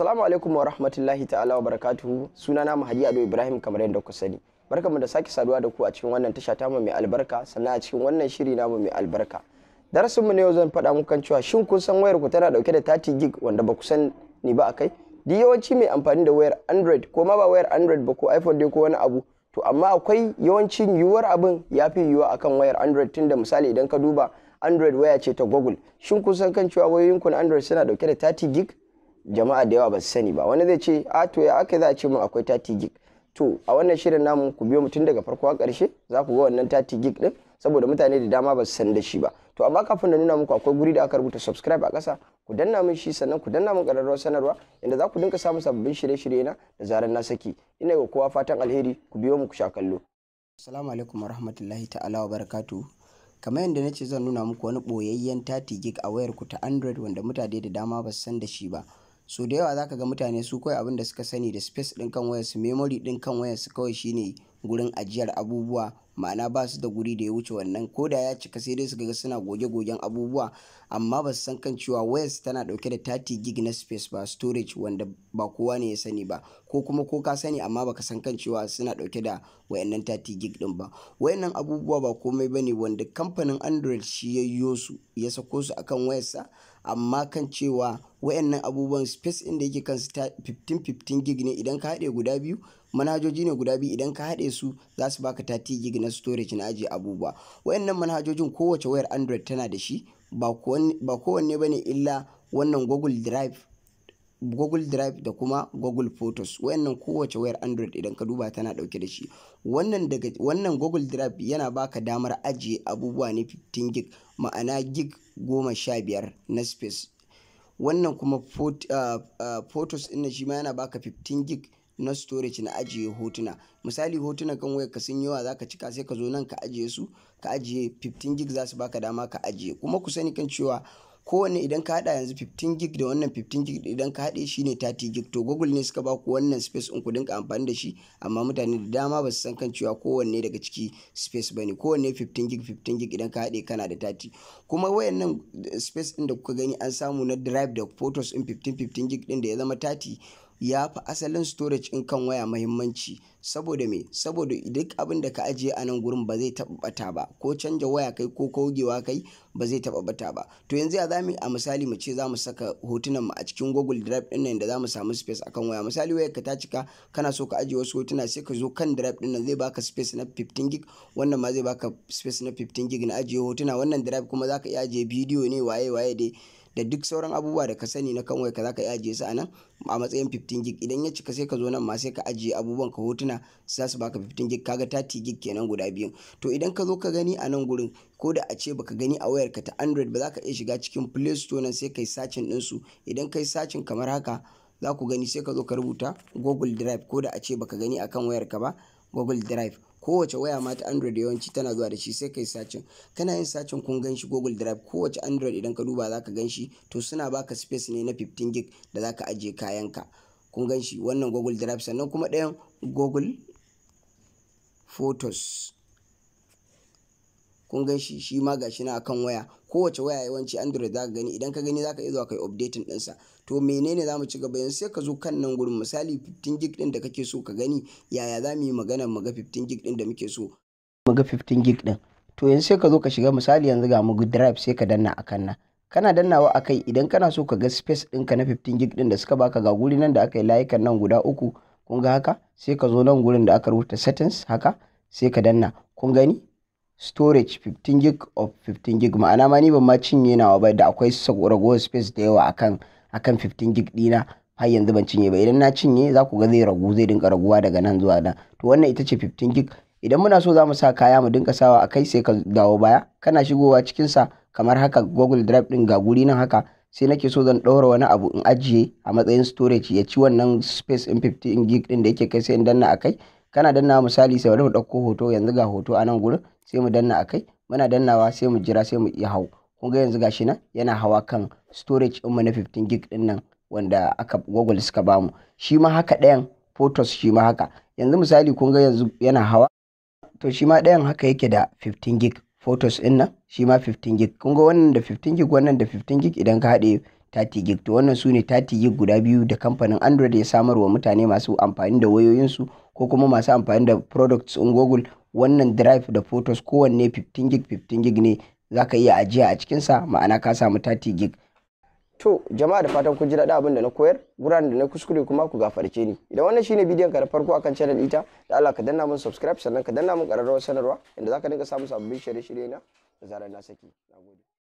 Assalamu alaikum wa rahmatullahi ta'ala wa barakatuhu sunana Mahadi Ado Ibrahim kamar yadda ku sani. Barkamu da sake saduwa da ku a cikin wannan tasha ta mai albarka sannan a cikin wannan shiri namu mai albarka. Darasin mu ne yau zan faɗa muku kan cewa shin kun san wayar ku tana dauke da 30 gig wanda ba ku san ni ba akai? Duk yawanci mai amfani da wayar Android ko ma ba wayar Android ba ko iPhone dai ko wani abu to amma akwai yawancin yiwuwar abin ya fi akan wayar Android tunda misali idan ka duba Android waya ce ta Google shin kun san kan cewa wayoyin ku na Android suna dauke da 30 gig jama'a da yawa ba su sani ba wani zai ce a ah, to ya aka za a ce mu akwai tati gig to a wannan shirin namu ku biyo mutum daga farko a ƙarshe za ku ga wannan tati gig din saboda mutane da dama ba su san da shi ba to amma kafin na nuna muku akwai guri da aka rubuta subscribe a kasa ku danna mun shi sannan ku danna mun ƙararrawar sanarwa inda za ku dinka samun sababbin shirye-shirye na da zarar na saki ina ga kowa fatan alheri ku biyo mu ku sha kallo assalamu alaikum warahmatullahi ta'ala wa barakatuhu kamar yadda na ce zan nuna muku wani boyayyen tati gig a wayar ku ta android wanda mutane da dama ba su san da shi ba so da yawa zaka ga mutane su kawai abin da suka sani da space din kan wayarsu memory din kan wayarsu kawai shine gurin ajiyar abubuwa ma'ana ba su da guri da ya wuce wannan ko da ya cika sai dai su ga suna goge-gogen abubuwa amma ba su san kan cewa wayarsu tana dauke da 30 gig na space ba storage wanda ba kowa ne ya sani ba ko kuma ko ka sani amma baka san kan cewa suna dauke da wayannan 30 gig din ba wayannan abubuwa ba komai bane wanda kamfanin android shi ya yi su ya sako su akan wayarsa amma kan cewa wayannan abubuwan space inda yake kansu 15-15 gig ne idan ka haɗe guda biyu manhajoji ne guda biyu idan ka haɗe su za su baka 30 gig na storage na ajiye abubuwa wayannan manhajojin kowace wayar android tana da shi ba kowanne bane illa wannan google drive Google Drive da kuma Google Photos wayannan kowace wayar Android idan ka duba tana dauke da shi wannan daga wannan Google Drive yana baka damar ajiye abubuwa ne 15 gig ma'ana gig 15 na space wannan kuma ah, ah, photos ɗin shi ma yana baka 15 gig na storage na ajiye hotuna misali hotuna kan wayar ka sun yawa za ka cika sai ka zo nan ka ajiye su ka ajiye 15 gig za su baka dama ka ajiye kuma ku sani kan cewa kowanne idan ka haɗa yanzu 15 gig da wannan 15 gig idan ka haɗe shine 30 gig to google ne suka ba ku wannan space in ku dinka amfani da shi amma mutane da dama ba su san kan cewa kowanne daga ciki space bane kowanne 15 gig 15 gig idan ka haɗe kana da 30 kuma wayannan eh, space din da kuka gani an samu na drive da photos in 15 15 gig din da ya zama 30 ya fi asalin storage in kan waya mahimmanci saboda me saboda duk abin da ka ajiye a nan gurin ba zai taɓa bata ba ko canja waya kai ko kogewa kai ba zai taɓa bata ba to yanzu ya zamu a misali mu ce zamu saka hotunan mu a cikin Google Drive din nan da zamu samu space akan waya misali waya ka ta cika kana so ka ajiye wasu hotuna sai ka zo kan Drive din nan zai baka space na 15 gig wannan ma zai baka space na 15 gig na ajiye hotuna wannan Drive kuma zaka iya ajiye bidiyo ne waye waye dai da duk sauran abubuwa da ka sani na kan waya ka zaka iya ajiye su a nan a matsayin 15 gig idan ya cika sai ka zo nan ma sai ka ajiye abubuwan ka hotuna za su baka 15 gig kaga 30 gig kenan guda biyu to idan ka zo ka gani a nan gurin ko da a ce baka gani a wayar ka ta android ba za ka iya shiga cikin play store nan sai kai sacin din su idan kai sacin kamar haka za ku gani sai ka zo ka rubuta google drive ko da a ce baka gani akan wayar ka ba google drive kowace waya ma ta android yawanci tana zuwa da shi sai kai sacin kana yin sacin kun ganshi shi google drive kowace android idan ka duba zaka gan shi to suna baka space ne na 15 gig da zaka ajiye kayan ka kun ganshi wannan google drive sannan kuma ɗayan google photos kun gan shi shi ma gashi na akan waya kowace waya yawanci android zaka gani idan ka gani zaka iya zuwa kai updating ɗinsa to menene zamu ci gaba yanzu sai ka zo kan nan gurin misali 15 gig ɗin da kake so ka gani yaya za mu yi magana mu ga 15 gig ɗin da muke so mu ga 15 gig ɗin to yanzu sai ka zo ka shiga misali yanzu ga mu drive sai ka danna akan nan kana dannawa a kai idan kana so ka ga space ɗinka na 15 gig ɗin da suka baka ga guri nan da aka yi layukan nan guda uku kun ga haka sai ka zo nan gurin da aka rubuta settings haka sai ka danna kun gani storage 15 gig of 15 gig ma'ana ma ni ban ma cinye nawa ba da akwai ragowar space da yawa akan akan 15 gig dina har yanzu ban cinye ba idan na cinye za ku ga zai ragu zai dinka raguwa daga nan zuwa nan to wannan ita ce 15 gig idan muna so za mu sa kaya mu dinka sawa a kai sai ka dawo baya kana shigowa cikin sa kamar haka google drive din ga guri nan haka sai nake so zan ɗaura wani abu in ajiye a matsayin storage ya ci wannan space in 15 gig din da yake kai sai in danna a kai kana danna misali sai bari mu dauko hoto yanzu ga hoto a nan gurin sai mu danna a kai muna dannawa sai mu jira sai mu iya hau kun ga yanzu gashi nan yana hawa kan storage ɗinmu na 15 gig din nan wanda aka google suka bamu shi ma haka ɗayan photos shi ma haka yanzu misali kun ga yanzu yana hawa to shi ma ɗayan haka yake da 15 gig photos din nan shi ma 15 gig kun ga wannan da 15 gig wannan da 15 gig idan ka haɗe 30 gig to wannan su ne 30 gig guda biyu da kamfanin android ya samarwa mutane masu amfani da wayoyinsu ko kuma masu amfani da products in google wannan drive da photos kowanne 15 gig 15 gig ne za ka iya ajiya a cikinsa ma'ana ka samu 30 gig to jama'a da fatan kun ji daɗin abin da na koyar wuraren da na kuskure kuma ku gafarce ni idan wannan shine bidiyon ka na farko akan channel ita da Allah ka danna mun subscribe sannan ka danna mun ƙararrawar sanarwa inda za ka dinga samun sabbin shirye-shirye na da zarar na saki